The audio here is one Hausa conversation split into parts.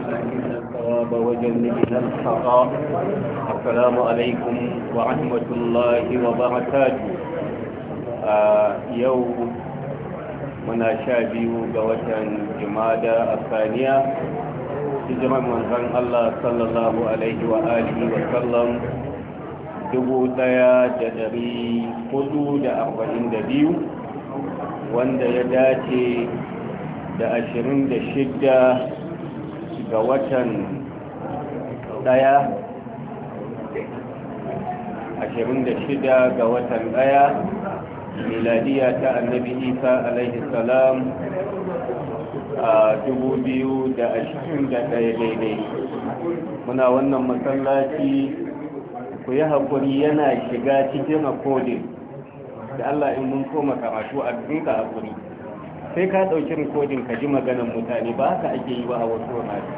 آتنا الثواب وجنبنا الخطا السلام عليكم ورحمة الله وبركاته يوم منا شابيو قوتا جمادة الثانية hijirar manzan Allah sallallahu Alaihi wa da arba'in da biyu, wanda ya dace da ashirin da shidda ga watan daya ashirin da shida ga watan daya miladiya ta annabi isa alaihi salam a dubu biyu da ashirin da daya daidai muna wannan masallaci ku yi haƙuri yana shiga cikin akodin da allah in mun koma karatu a dinka haƙuri sai ka ɗauki rikodin ka ji maganan mutane ba haka ake yi ba a wasu wurare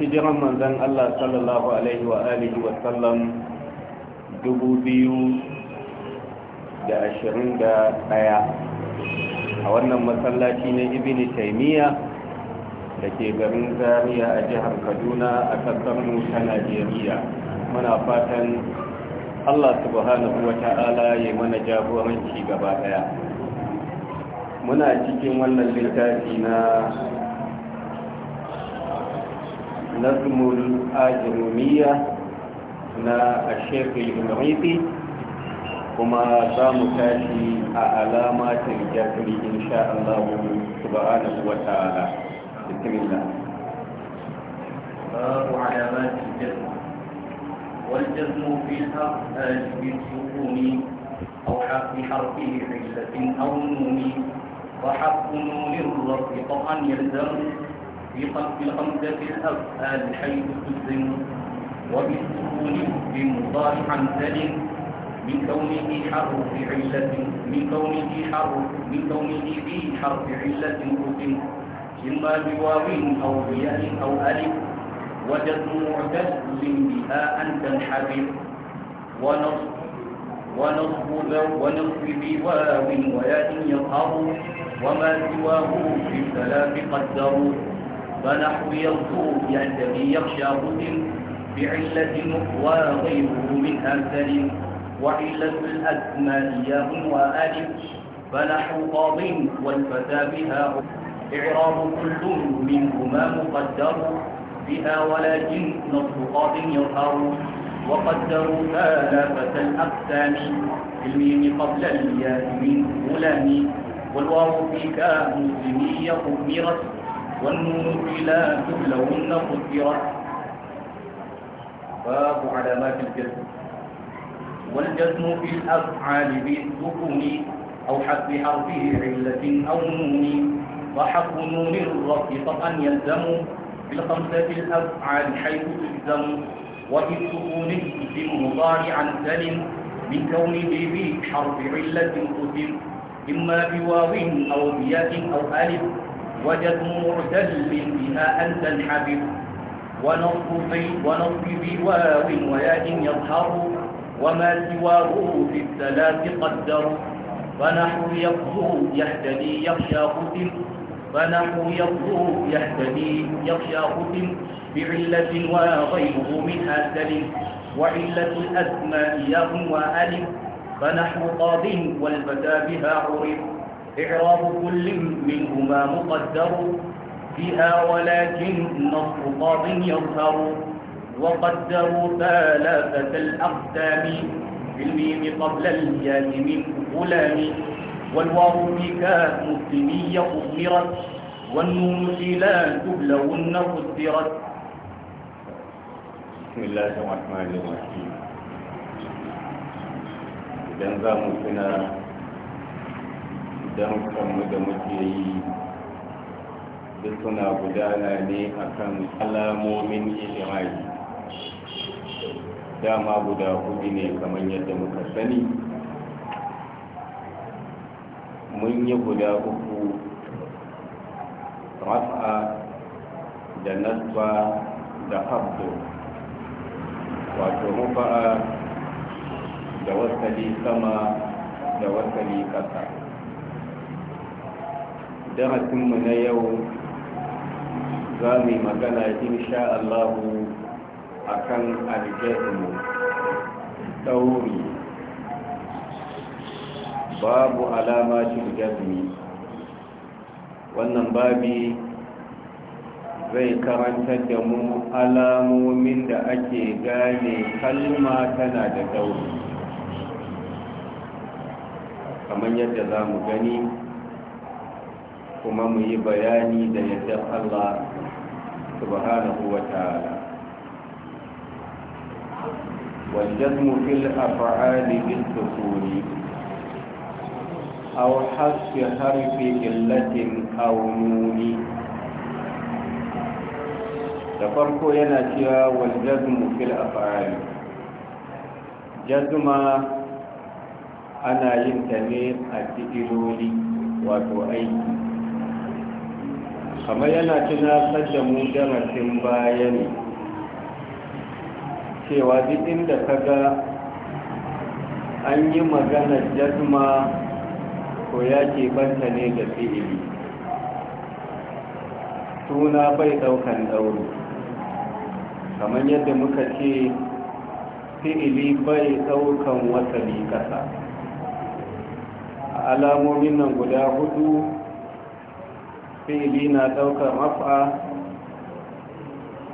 hijiran manzan Allah sallallahu alaihi wa alihi wa sallam ɗaya a wannan masallaci na ibini taimiyya da ke garin zariya a jihar kaduna a mu ta najeriya muna fatan Allah subhanahu wa ta'ala ya mana jagoranci gaba daya muna cikin wannan littafi na nazmul ajrumiya na ashek al-imriti kuma za mu tashi a alamatin jafri insha Allah subhanahu wa ta'ala bismillah babu alamatin jafri والجزم في حرف بالسكون آه، أو حرف حرفه عله أو نون وحرف نون الرب طبعا يلزم في قلب الخمسة الأفعال آه، حيث تسلم وبالسكون بمضارع سلم من كونه حرف علة من كونه حرف من كونه في حرف علة قسم إما بواو أو بياء أو ألف وجد معتزل بها أن تنحبر ونصب ونصب بواو ويا وياء يظهر وما سواه في الثلاث قدروا فنحو يغزو الذي يخشى غزل بعلة وغيره من أمثل وعلة الأسماء ياء وألف فنحو قاض والفتى بها إعراب كل منهما مقدر بها ولكن نطلقات يظهر وقدروا آلافة الأقسام بالميم قبل الياء من غلام والواو فيك مسلمية قمرت والنون لا تبلون قدرت باب علامات الجزم والجزم في الأفعال بالسكون أو حسب حرفه علة أو نون وحق نون الرفق أن يلزم بالخمسة الأفعال حيث تجزم وفي وبالسكون تسم مضارعا سلم من كون بيبي حرف علة قسم إما بواو أو بياء أو ألف وجزم معتل بها أن تنحبب ونصب في ونصب بواو وياء يظهر وما سواه في الثلاث قدر ونحو يقضو يهتدي يخشى قسم فنحو يطلو يهتدي يخشى ختم بعلة وغيره من أسل وعلة الأسماء يغم وألف فنحو قاض والفتى بها عرف إعراب كل منهما مقدر فيها ولكن نصر قاض يظهر وقدروا ثلاثة الأقسام بالميم قبل الياء من غلام والواو ميكات مسلمية أضمرت والنون لا تبلغن قدرت بسم الله الرحمن الرحيم idan za mu tuna idan kanmu da muke yi duk suna gudana ne akan alamomin ilimai dama guda hudu ne kamar yadda muka sani mun yi guda uku rafa da nasba da hafdo wato rufa'a da wasali sama da wasali ƙasa darasinmu na yau za mu yi magana insha Allahu akan aljazmu ɗauri babu alama shi jazmi wannan babi zai karanta da mu alamomin da ake gane kalma tana da dauri kamar yadda za mu gani kuma mu yi bayani da yadda allah subhanahu wa ta'ala والجزم في الأفعال بالسكون أو حذف حرف علة أو نون تفرق يناتيا والجزم في الأفعال جزم أنا ينتمي التجلولي وتؤيد kamar yana tunatar da mu darasin baya ne cewa duk inda ka ga an yi maganar jazma ko ya ke banta ne ga fi'ili suna bai daukan dauri kamar yadda muka ce fi'ili bai daukan wasali kasa a alamomin nan guda hudu fi'ili na daukan mafa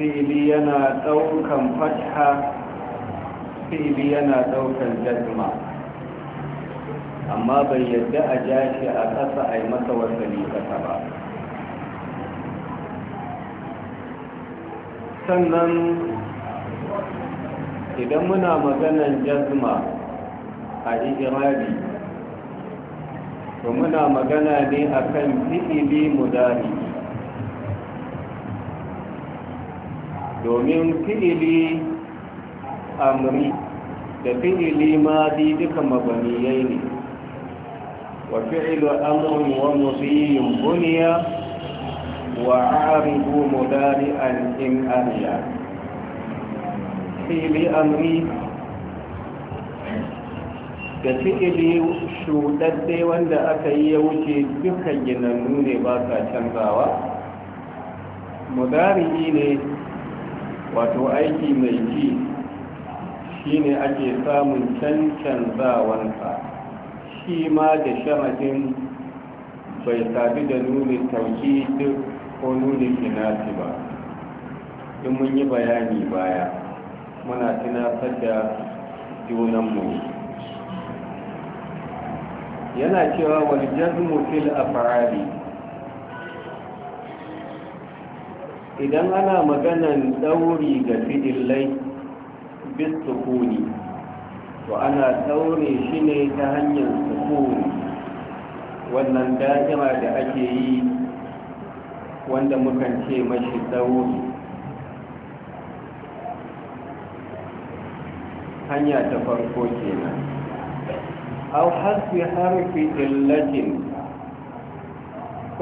fi'ili yana daukan fatha fi'ili yana daukan jazma amma bai yarda a ja shi a ƙasa a yi masa wasali ƙasa ba sannan idan muna maganan jazma a ijirabi to muna magana ne a kan fi'ili mudari domin fi'ili amri da fi'ili ma duka mabaniyai ne وفعل أمر ومضي بني وعارض مدارئا إن أريا فعل أمري da fi'ili shudadde wanda aka yi ya wuce duka ginannu ne ba sa canzawa mudari'i ne wato aiki mai ji shine ake samun cancanzawansa shi ma da shamadin bai sabi da nunin tauki ko nuni kinasi ba in mun yi bayani baya muna tunatar da junanmu yana cewa jazmu fil afradi idan ana maganan ɗauri ga fi'illai bisukuni to ana daure shi ne ta hanyar sukuri wannan dajira da ake yi wanda mukan ce mashi daure hanya ta farko kenan au hasbi harfi illatin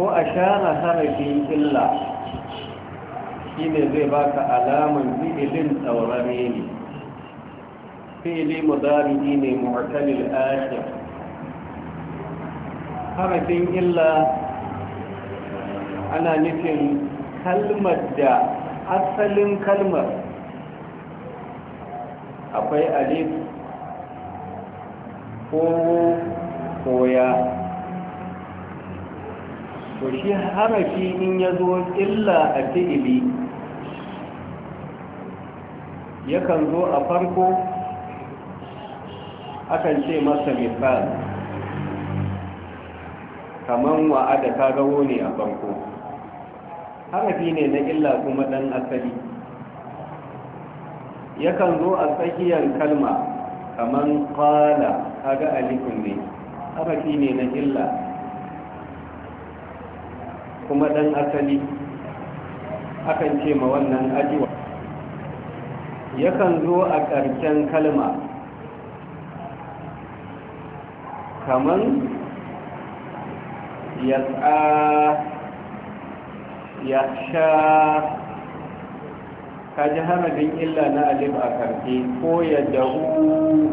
ko a shara harfi illa ne zai baka alamun fi'ilin tsaurare ne فعل مضارع ne mu'tal al-akhir harafin illa ana nufin kalmar da asalin kalmar akwai alif ko koya to shi harafi in ya zo illa a fi'ili yakan zo a farko akan ce masa misal kaman wa'ada ka gawo ne a banko harafi ne na illa kuma dan asali yakan zo a tsakiyar kalma kaman kala kaga alifin ne harafi ne na illa kuma dan asali akan ce ma wannan ajiwa yakan zo a ƙarshen kalma kaman yas'a sha ka ji harabin illa na alif a karfe ko ya dahu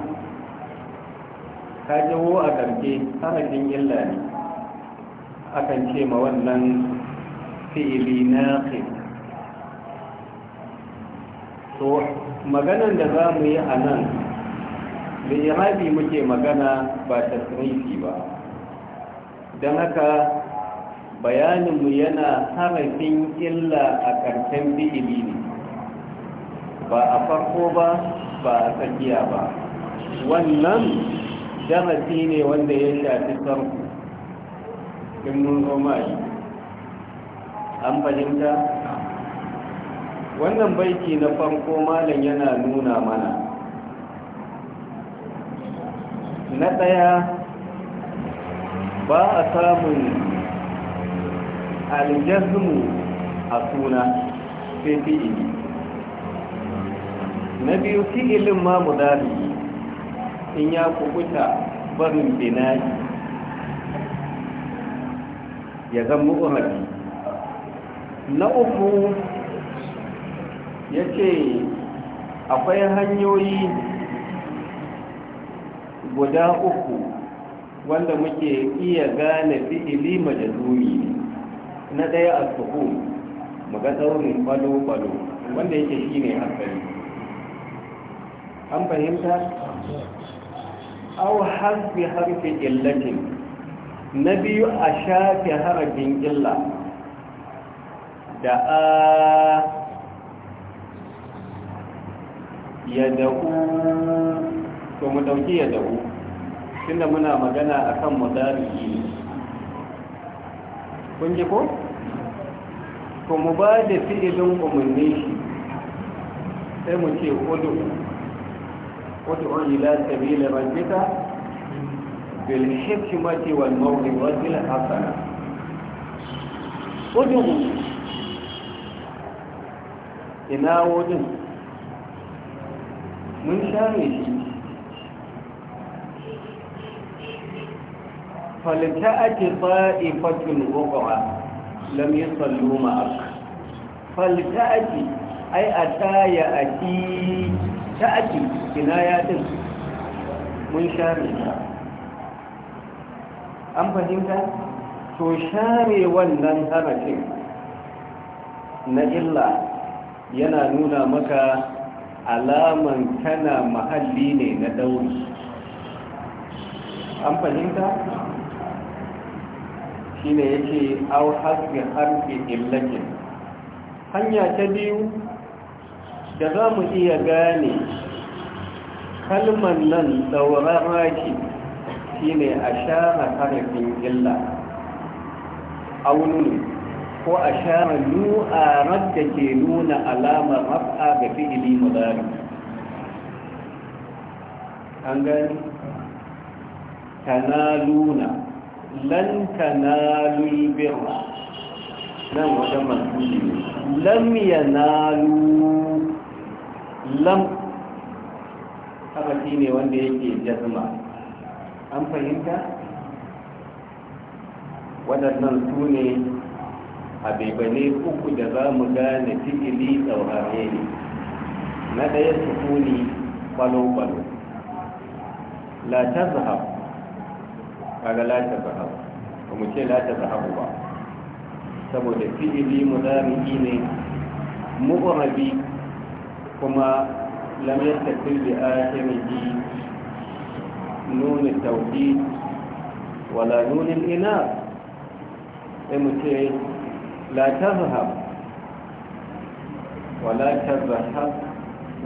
ka ji wo a karfe harabin illa ne akan ce ma wannan fi'ili na to maganan da za mu yi a nan mai muke magana ba tasrifi ba don haka bayaninmu yana harafin illa a ƙarshen fi'ili ne ba a farko ba ba a tsakiya ba wannan darasi ne wanda ya shafi sarku in mun goma yi an fahimta wannan baiki na farko malam yana nuna mana na ɗaya ba a samun aljazmu a suna sai na biyu ilin ma mudari in ya kubuta barin binayi ya zama umarni na uku ya ce akwai hanyoyi guda uku wanda muke iya gane fi'ili majazumi ne na ɗaya a suku mu ga tsaurin kwalo-kwalo wanda yake shi ne hankali an fahimta au harfi harfi illatin na biyu a shafe harafin illa da a ya da'u to mu ɗauki ya dawo tunda muna magana akan kan kun ji ko? ko mu ba da fi'ilin umarni shi sai mu ce kudu kudu ila sabila rabbika bil hikmati wal mawdhi wal hasana kudu ina wudin mun share shi falita'ati ta'ifatun ukra lam yusallu ma'ak falita'ati ay ataya ati ta'ati kinayatin mun share an fahimta to share wannan harafin na illa yana nuna maka alaman kana mahalli ne na dauri an fahimta? shine yake au hasbi harfi illatin hanya ta biyu da za mu iya gane kalman nan tsaurara shine a share harfin illa aunun ko a nua nu'arar da ke nuna alamar raf'a ga fi'ili mudari an gani tana luna lan tanalul birra nan wajen mansuri lam yanalu lam haka ne wanda yake jazma an fahimta waɗannan su ne uku da za mu gane fi'ili tsaurare ne na ɗaya sukuni kwalo-kwalo la ta zahab kaga la ta zahabu ba mu ce la ta zahabu ba saboda fi'ili mudari'i ne mu'rabi kuma lam yattasil bi akhirihi nun at-tawhid wala nun al-inath sai mu ce la ta zahab zahabu ولا تذهب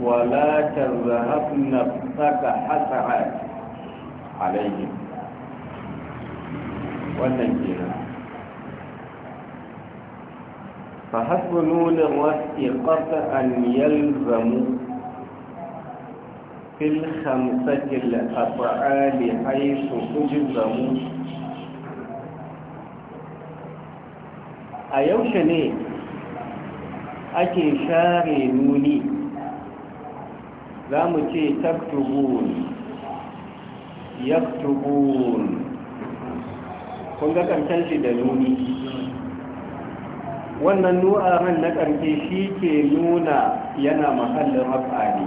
ولا تذهب نفسك حسعات عليهم wannan kenan fa hasbunu nunin wasi an yalzamu fil khamsati al-af'ali haythu tujzamu a yaushe ne ake share nuni za mu ce taktubun yaktubun kun ga ƙarshen shi da nuni wannan nura man na ƙarshe shi ke nuna yana mahallin maf'ali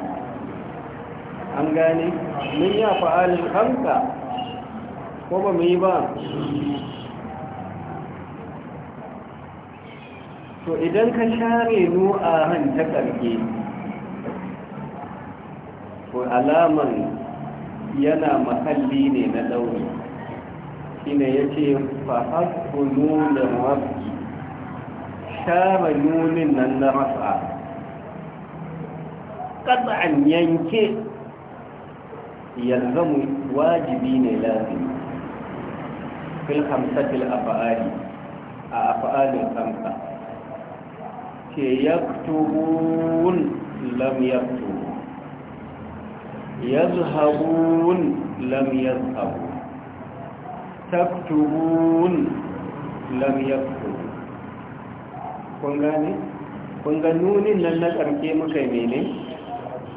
an gane mun ya fa'alin hanka, ko ba mu yi ba to idan ka share nura man ta ƙarshe to alaman yana mahalli ne na ɗauri shine yace fa hasbunu da rabbi shama nunin nan na rasa an yanke yalzamu wajibi ne lazimi fil hamsatil afa'ali a afa'alin hamsa ke yaktubun lam yaktubu yazhabun lam yazhabu taktubun lam yaktubu kun gane kun ga nunin nan na karke muka mene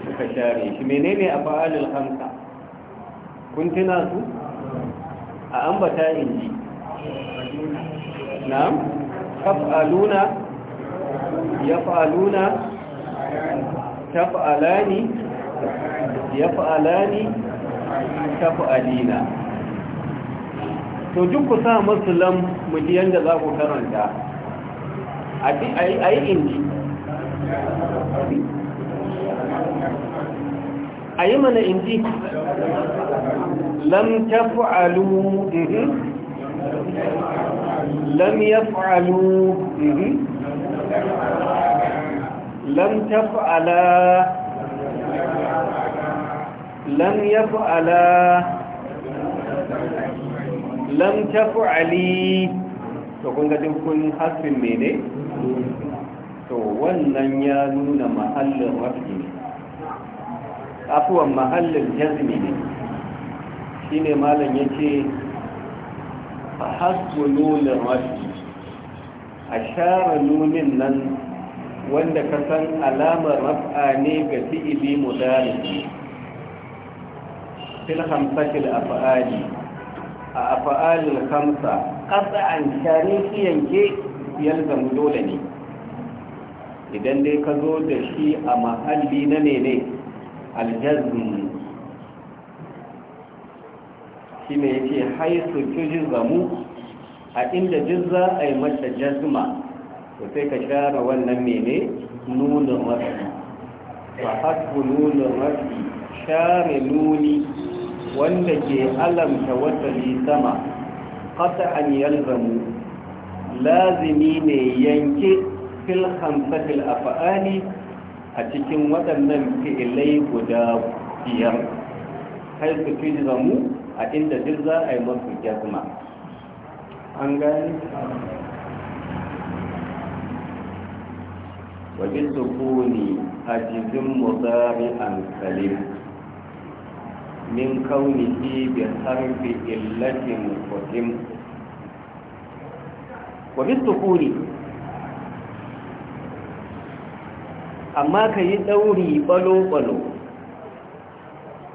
suka share shi menene a fa'alul hamsa kun tuna su a ambata inji na'am kaf'aluna yaf'aluna taf'alani yaf'alani taf'alina to jin ku sa musulun muji da za ku karanta a yi inji a yi mana inji lam ta fa'alu mhm. lam ya fa'alu mhm. lam ta fa'ala lam ya fa'ala lam taf'ali to kun ga duk kun me ne, to wannan ya nuna mahallin rafi ne afuwan mahallin jazmi ne shine malam yace hasbu nunul rafi ashara nunin nan wanda ka san alamar raf'a ne ga fi'ili mudari fil al af'ali a afa'alin kamsa ƙasa'an sharifiyan ke yalzam dole ne idan dai ka zo da shi a mahalli na ne aljazm shi ne yake haisu jizamu a inda jizza a yi mata jazma to sai ka share wannan mene nunin rafi ba hasbu nunin rafi share nuni wanda ke alamta wasali sama qat'an yalzamu lazimi ne yanke fil khamsatil af'ali a cikin waɗannan fi'ilai guda biyar kai su tujzamu a inda duk za a yi masu jazma an gani wajen sukuni a jizin muzari an salim min kaunihi bi harfi illatin qadim wa bi sukuni amma ka yi dauri balo-balo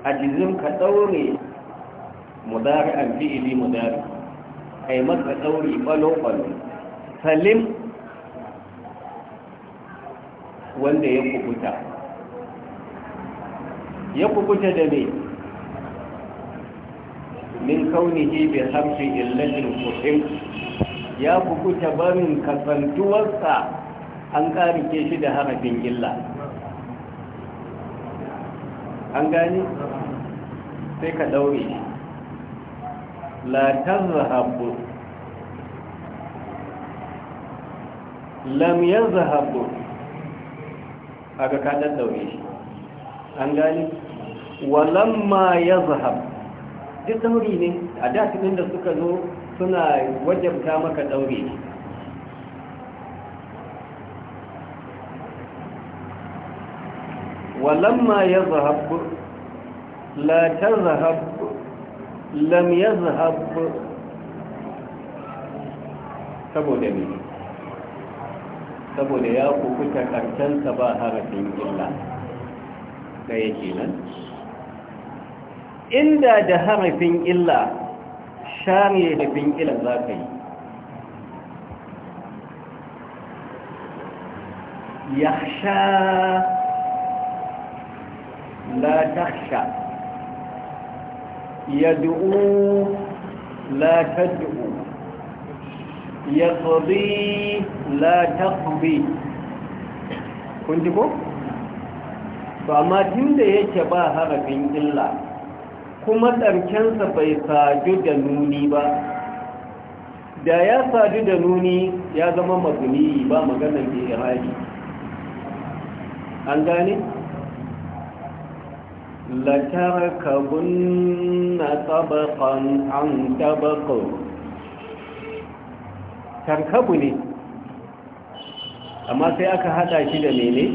a jizim ka daure mudari an fi'ili mudari kai maka dauri balo-balo salim wanda ya kubuta ya kubuta da ne min kaunihi bi hamsi illatin kusim ya kukuta barin kasantuwarsa an karike shi da harafin illa an gani sai ka daure shi la tazhabu lam yazhabu aka ka daddaure shi an gani walamma yazhabu duk dauri ne a datunin da suka zo suna wajabta maka dauri ne walamma ya zahabu la ta zahabu lam ya zahabu saboda ne saboda ya kukuta karkensa ba harafin illa ɗaya nan. inda da harafin illa share harafin illa za ka yi ya sha la taksha ya du'u la tad'u ya qadi la taqdi kun ji ko to amma tunda yake ba harafin illa kuma tsarkensa bai sadu da nuni ba da ya sadu da nuni ya zama mazuni ba maganar da irani an gane? na طبقا an tabako Tarkabu ne amma sai aka hada shi da mene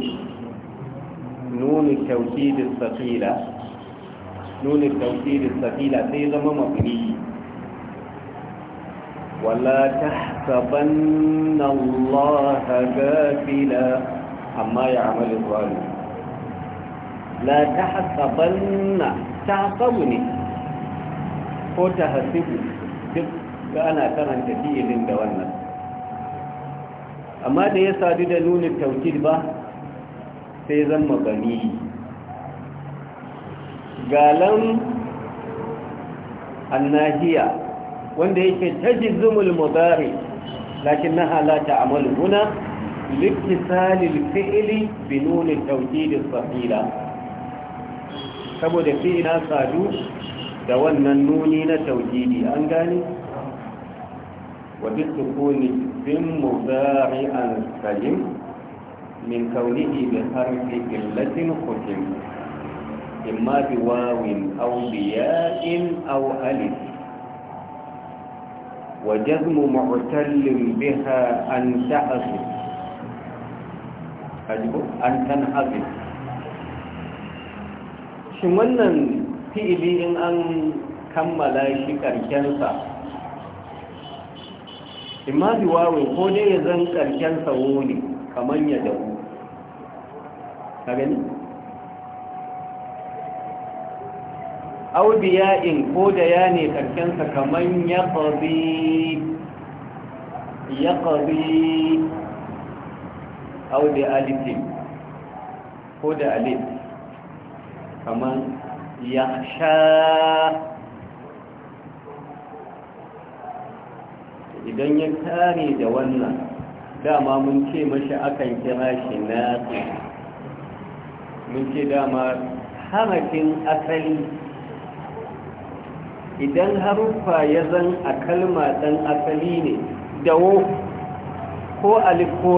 kyauki da tsakila nunin tausirin sabila sai zama ولا تحسبن الله غافلا عما يعمل الظالم لا تحسبن تعصبني ko ta hasibu duk ga ana karanta fi'ilin da wannan amma da ya sadu da nunin taukid ba sai zan magani galan annahiya wanda yake tajizumul mudari lakin naha la ta'malu huna liktisalil fi'li bi nun at-tawkid as-sahila saboda fi'ila sadu da wannan nuni na tawkidi an gane wa bi sukuni bin mudari'an salim min kaunihi bi harfi illatin khutim imma bi wawin aw bi ya'in aw alif wa jazmu mu'tallin biha an ta'zib ajibu shin wannan fi'ili in an kammala shi karkensa imma bi wawin ko dai ya zan karkensa wuni kamar ya au biya'in ko da ya ne sa kaman ya ƙazi ya ƙazi au da alifin ko da alif kaman ya sha idan ya kare da wannan dama mun ce mashi akan kira shi na mun ce dama hamakin asali idan haruffa ya zan a kalma ɗan asali ne dawo ko alif ko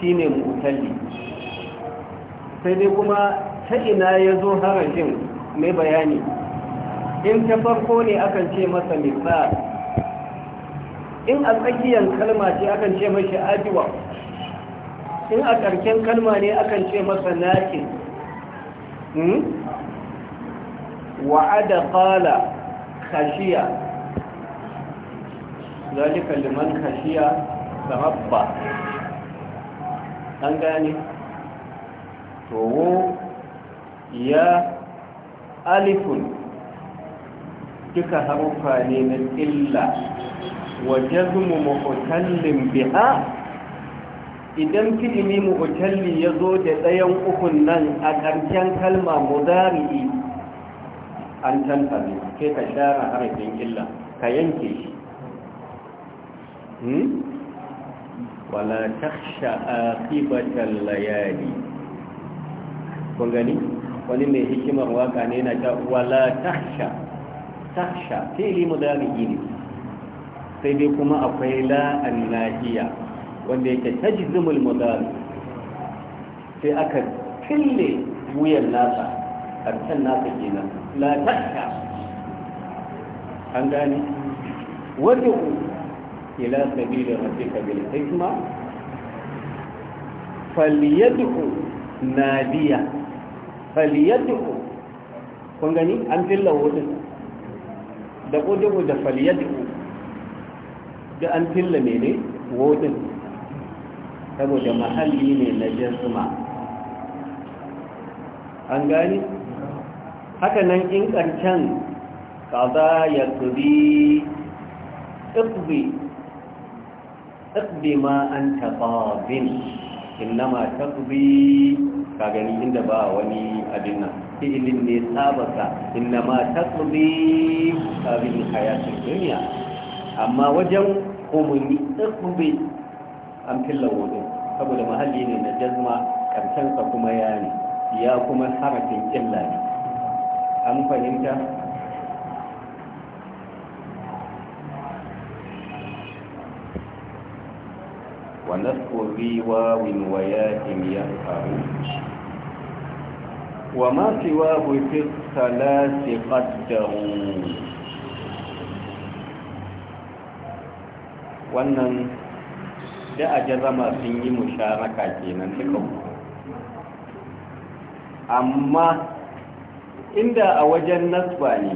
shi ne mutalli sai dai kuma ta ina ya zo harajin mai bayani in ta farko ne akan ce masa misal in a tsakiyar kalma ce akan ce mashi ajiwa in a ƙarƙin kalma ne akan ce masa nakin. Hmm? wa'ada qala khashiya zalika liman khashiya rabba an gane ya alifun duka harufa ne na illa wajazmu muhtallin biha idan fi'ili muhtalli ya zo da ɗayan ukun nan a ƙarshen kalma mu mudari'i an ne sai ka share harafin illa ka yanke shi hmm? wala takhsha aqibatal layali kun gani wani mai hikimar waka ne na ta wala takhsha takhsha fili mudari ne sai dai kuma akwai la annahiya wanda yake tajzimul mudari sai aka fille wuyan nasa karshen nasa kenan la tasha an gane wajen ila sabili rabbika bil hikma falyad'u nadiya falyad'u kun gani an filla wurin da kudu da falyad'u da an filla mene wurin saboda mahalli ne na jazma an gani haka nan in ƙarshen kaza ya tubi tsibbi tsibbi ma an taɓa bin innama tsibbi ka gani inda ba wani abin nan fi'ilin ne sabaka ma tsibbi ka bin hayatun duniya amma wajen umuni tsibbi an filla wudu saboda mahalli ne na jazma ƙarshensa kuma ya ne ya kuma harafin illa ne an fahimta wa nasku riwa waya wayatin faru wa ma wa bu fi salati wannan da a jazama sun yi musharaka kenan duka amma inda a wajen nasba ne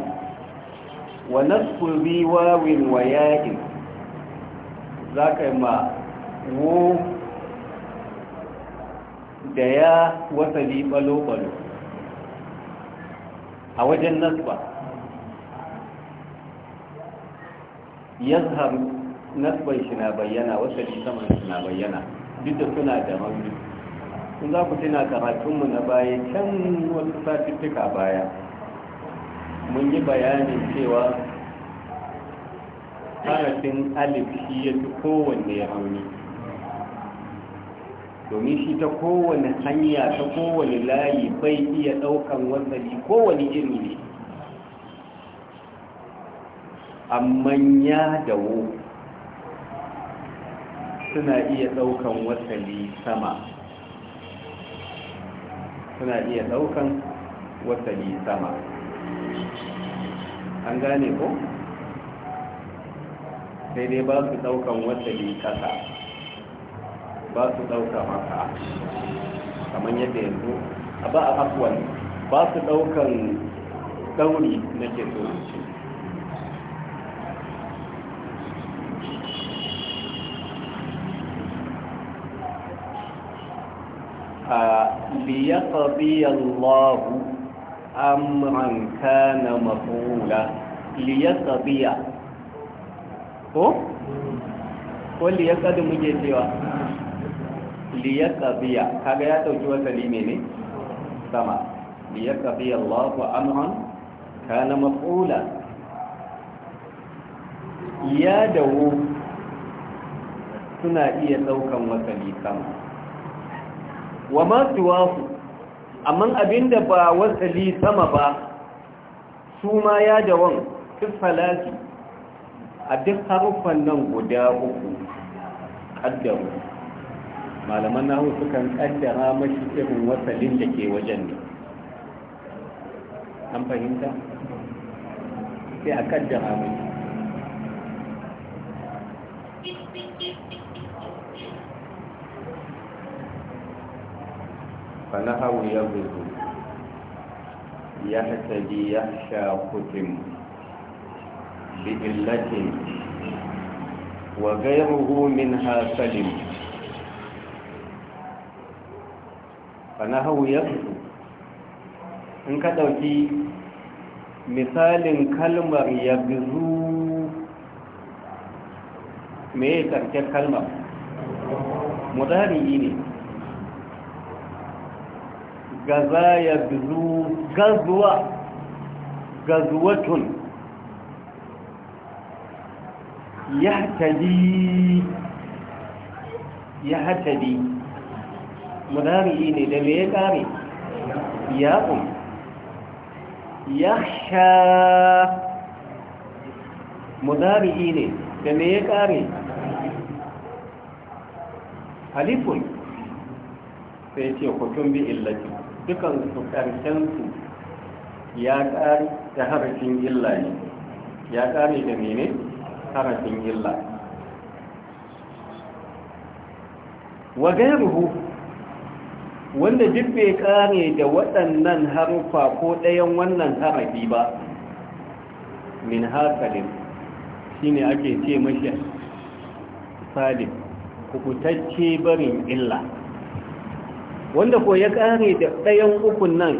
wa nasbu bi wawin wa ya'in za ka yi ma wo da ya wasali balo-balo a wajen nasba yazhar nasban shi na bayyana wasali saman shi na bayyana duk da suna da mauni in za ku tuna karatunmu na baya can wasu satifika baya mun yi bayanin cewa harafin alif shi ya fi kowanne ya rauni domin shi ta kowane hanya ta kowane layi bai iya ɗaukan wasali kowane iri ne amma ya dawo suna iya ɗaukan wasali sama suna iya daukan wasali sama an gane ko sai dai ba su daukan wasali kasa ba su daukan haka kamar yadda yanzu a ba a afuwan ba su daukan dauri na ke tsoronci ليقضي الله امرا كان مفعولا ليقضي هو قول يقد مجي تيوا ليقضي كذا يا توكي وكلي ني يعني. ليقضي الله امرا كان مفعولا يا دو suna iya daukan wakali wa ma siwahu amma abinda ba wasali sama ba su ma ya dawam falaki a duk haruffan nan guda uku kaddaru malaman nahu sukan kaddara mashi irin wasalin da ke wajen ne an fahimta sai a kaddara mashi فنهر يبرز يهتدي يخشى ختم بإلة وغيره منها سلم فنهر يبرز in ka ɗauki misalin kalmar ya bizu me ya karkar kalmar mudari ne gaza ya bizu gazuwa gazuwatun ya hatari ya hatari mudari ne da me ya kare ya um ya sha mudari ne da me ya kare halifun sai ce hukun bi illati dukan su karshen su ya ƙari da harafin illa ne ya ƙari da mene harafin illa wa gairuhu wanda duk bai ƙare da waɗannan harufa ko ɗayan wannan harafi ba min hakalin shi ne ake ce mashi salim kukutacce barin illa wanda ko ya kare da ɗayan ukun nan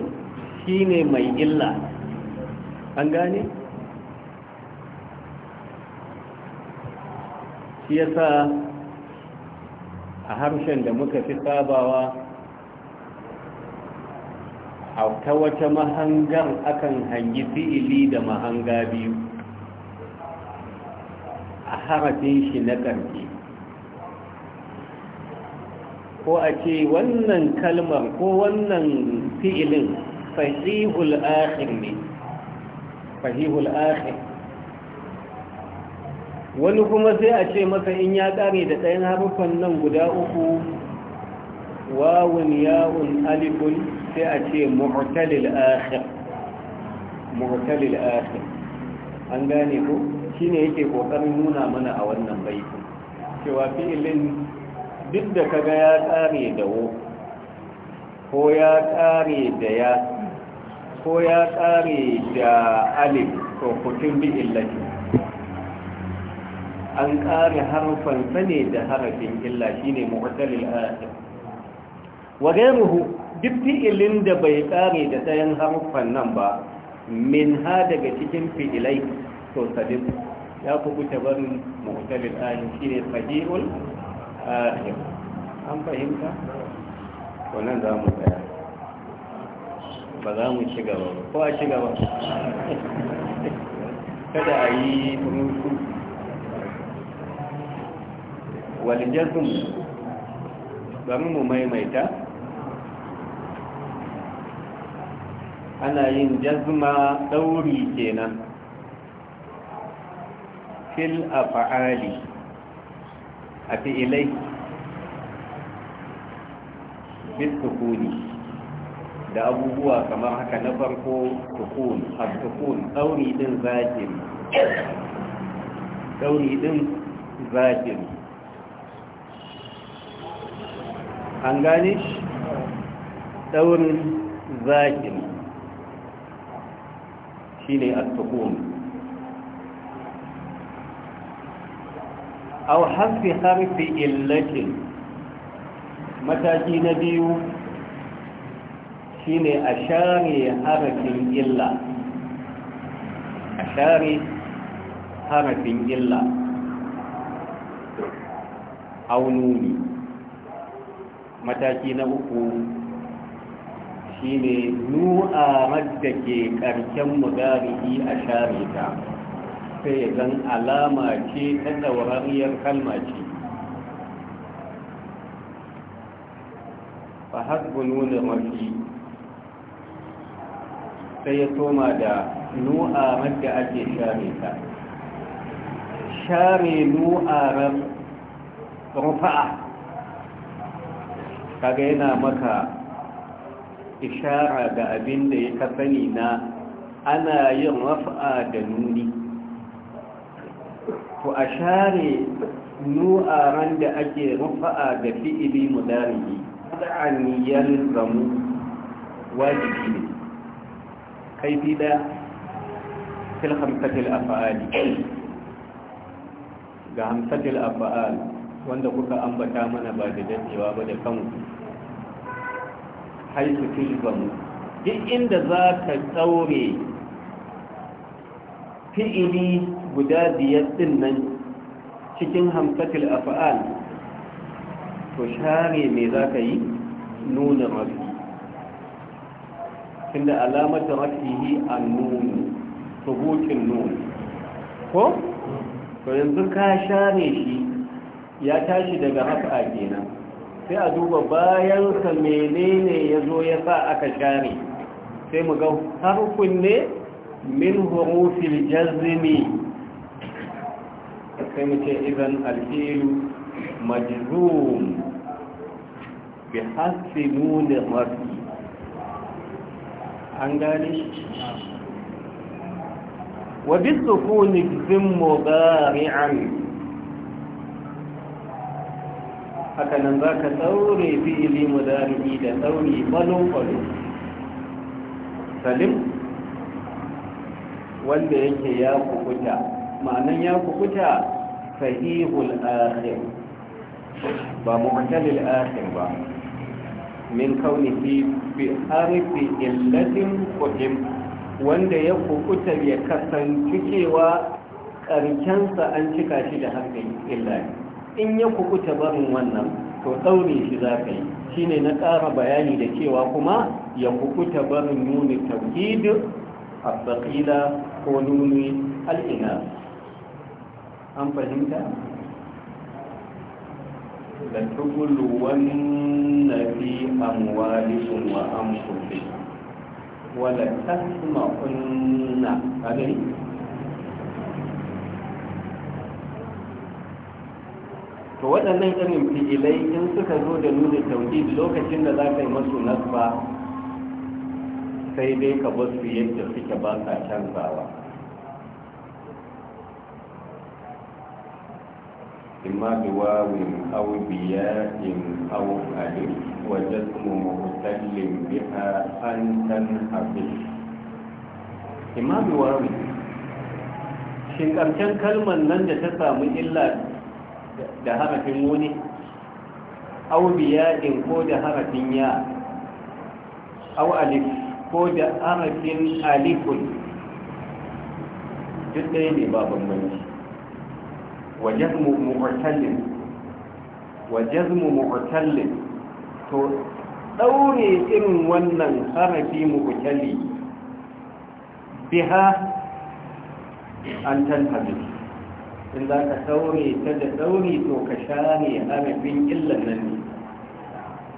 shine mai illa an gane shi ya sa a harshen da muka fi sabawa a ta wata mahangar akan hangi fi'ili da mahanga biyu a harafin shi na ƙarfi ko a ce wannan kalmar ko wannan fi'ilin fahihul akhir ne fahihul akhir wani kuma sai a ce maka in ya kare da ɗayan haruffan nan guda uku wawun yawun alifun sai a ce mu'talil akhir akhir an gane ko shine yake kokarin nuna mana a wannan baitin cewa fi'ilin duk da kaga ya tsare da wo ko ya tsare da ya ko ya tsare da alif ko kutun bi illati an ƙare harfan sane da harafin illa shine mu'talil akhir wa ghayruhu duk fi'ilin da bai ƙare da tsayin harfan nan ba min ha daga cikin fi'ilai to sadin ya kubuta barin mu'talil akhir shine fadi'ul akhir an fahimta wannan za mu tsaya ba za mu ci gaba ko a ci gaba kada a yi rufu waljazum bari mu maimaita ana yin jazma ɗauri kenan fil a fa'ali a fi'ilai bisukuni da abubuwa kamar haka na farko sukun al-sukun tsauri din zafin tsauri din zafin an gane tsaurin zafin shine al-sukun aw hasbi harfi illatin mataki na biyu shine a share harafin illa a share harafin illa aununi mataki na uku shine nu'a madda ke ƙarshen mugari a share ta sai zan alama ce ta dawarariyar kalma ce fa hasbu nuna mafi sai ya toma da nu'a wadda ake share ta share nu'arar rufa'a kaga yana maka ishara ga abin da ya kasani na ana yin rafa'a da nuni to a share nu'aran da ake rufa'a da fi'ili mudari'i an yalzamu wajibi ne kaifi da fil hamsatil af'ali ga hamsatil af'al wanda kuka ambata mana ba da dadewa ba da kanku haisu tilzamu duk inda za ka tsaure fi'ili guda biyar ɗinnan nan cikin hamsatul af'al to share me za ka yi nuna rafi tunda alamata rafihi annun subutin nuni, ko to yanzu ka share shi ya tashi daga rafa kenan sai a duba bayan sa menene yazo ya sa aka share sai mu ga harkun ne min hurufin jazmi sai mu ce idan alfilu majzum bi hasbi nuni rafi an gane wa bi sukuni zim mudari'an haka nan za ka tsaure fi'ili mudari'i da tsauri balo-balo salim wanda yake ya kukuta ma'anin ya kukuta sahihul akhir ba mu'talil akhir ba min kaunihi fi harfi wanda ya kukuta ya kasance cewa an cika shi da harfin illa in ya kukuta barin wannan to tsauri shi za ka yi shi ne na ƙara bayani da cewa kuma ya kukuta barin nuni tauhid a ko nuni al'ina an fahimta da tukulu wannan fi amwalikum wa fi wala a alai to waɗannan irin fi'ilai in suka zo da nuna tauki lokacin da za ka yi masu nasba sai dai ka basu yadda suke ba sa canzawa إما بواو أو بياء أو ألف وجسم مختل بها أن تنحفظ إما بواو shin ƙarshen kalmar nan da ta samu illa da harafin wuni au ko da harafin ya au alif ko da harafin alifun duk ɗaya ne ba bambanci وجزم معتل وجزم معتل to daure irin wannan harafi mu'tali biha an tanhabi in za ka daure ta da daure to ka share harafin illan nan ne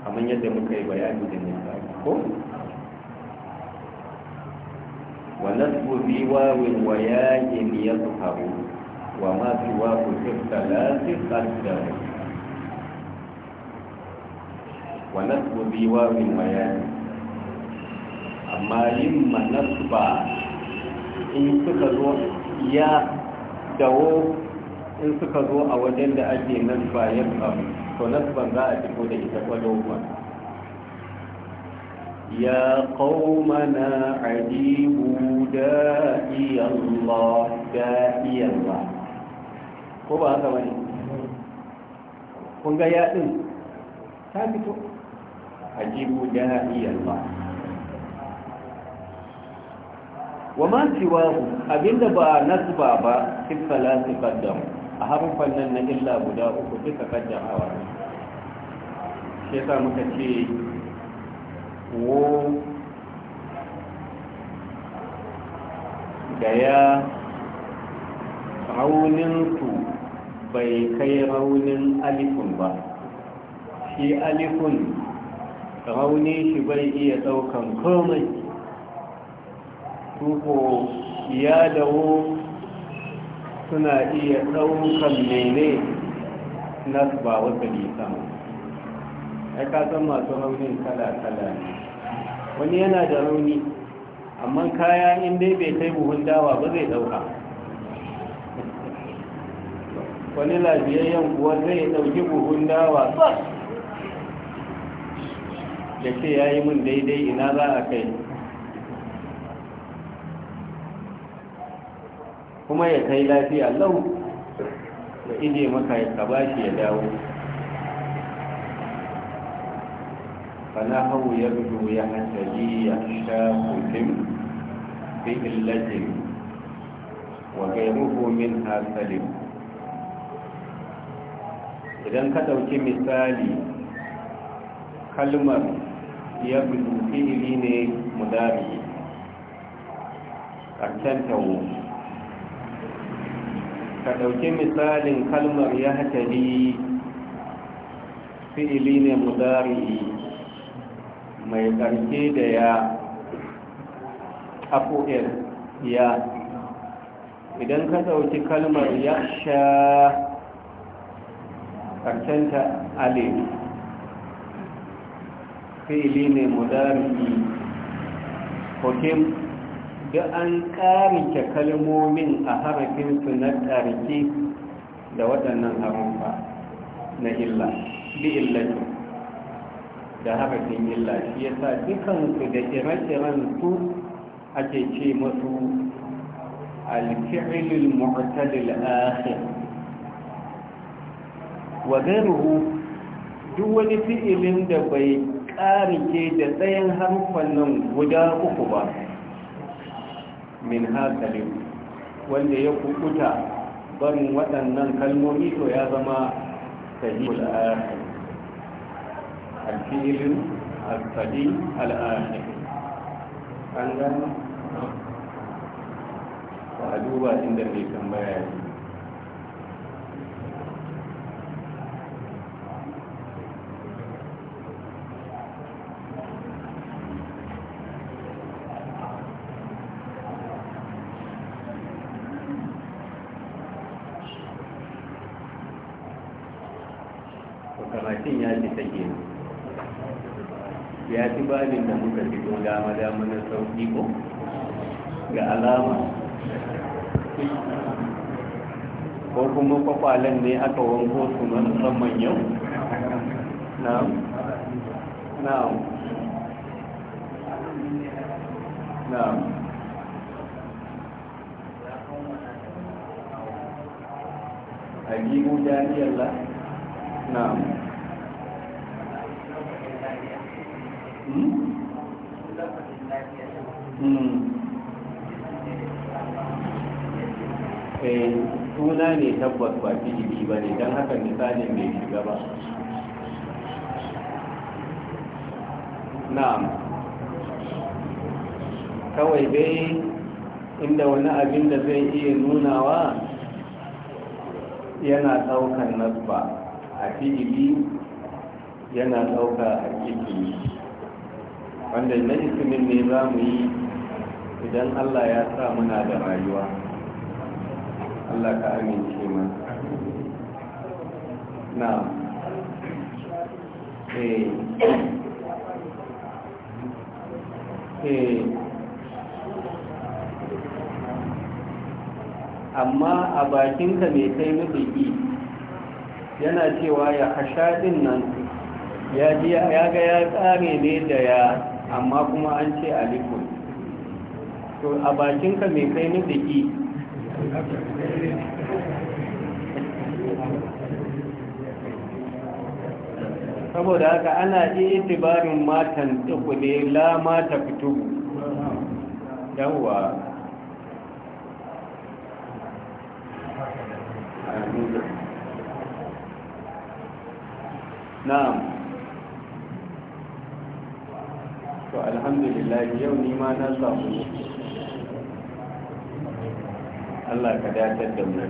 kamar yadda muka yi bayani da nisa ko wa nasbu biwawin wa yayin ya zuharu wa ma siwa kutub salati qadar wa nasbu bi wa bi mayan amma yin manasba in zo in suka zo a wajen da ake nasba ya to nasban za a tafi da ita ko da يا قومنا عجيب دائي الله دائي الله ko ba haka bane kun ga ya din ta fito ajibu da'iya ba wa ma siwahu abinda ba nasba ba fi salati qaddam a harfan nan na illa guda uku duka qaddam a wannan shi yasa muka ce wo da ya raunin bai kai raunin alifun ba shi alifun rauni shi bai iya daukan komai kuko ya dawo suna iya daukan mene nasba wata sama ya kasan masu raunin kala-kala ne wani yana da rauni amma kaya inda bai kai buhun dawa ba zai dauka wani labiyayyen kuwa zai ɗauki buhun dawa Da ce ya yi min daidai ina za a kai kuma ya kai lafiya lau da ije maka ya kaba shi ya dawo fana hau ya rudu ya hankali ya sha kutum fi wa hasalin idan ka ɗauki misali kalmar ya budu fi'ili ne mudari ƙarshen tawo ka ɗauki misalin kalmar ya hatari fi'ili ne mudari mai ƙarshe da ya afo'ir ya idan ka ɗauki kalmar ya sha karshenta alif fi'ili ne mudari hukim da an karike kalmomin a harafinsu na karike da waɗannan harufa na illa bi illatu da harafin illa shi yasa dukansu da ire-iren su ake ce masu alfi'ilul mu'tadil akhir wa gairuhu duk wani fi'ilin da bai ƙarike da tsayin harfan nan guda uku ba min hankalin wanda ya kukuta barin waɗannan kalmomi to ya zama sahihul akhir alfi'ilin alfadi al'akhir an gano ba a duba inda mai tambaya ne dama dama na sauki ko ga alama ko kuma kwakwalen ne aka wanko su na musamman yau na'am na'am na'am a gibu dariyar la suna ne tabbas ba fi'ili ba ne don haka misalin bai shiga ba Na. kawai dai inda wani abin da zai iya nunawa yana ɗaukar nasba a fi'ili yana ɗauka a ƙiƙi wanda na isimin ne za mu yi idan allah ya sa muna da rayuwa Allah ka amince ma na eh eh amma a bakinka mai kai mafi yana cewa ya hashaɗin nan ya ga ya tsare ne da ya amma kuma an ce alikun to a bakinka mai kai mafi saboda haka ana itibarin matan tuku ne la mata fito yawwa na'am to alhamdulillah yau ni ma na samu Allah ka datar da mu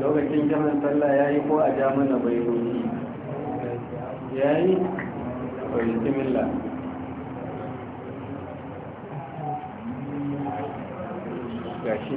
lokacin jaman sallah yayi ko a ja mana bairoci ya yi gashi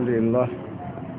alhamdulillah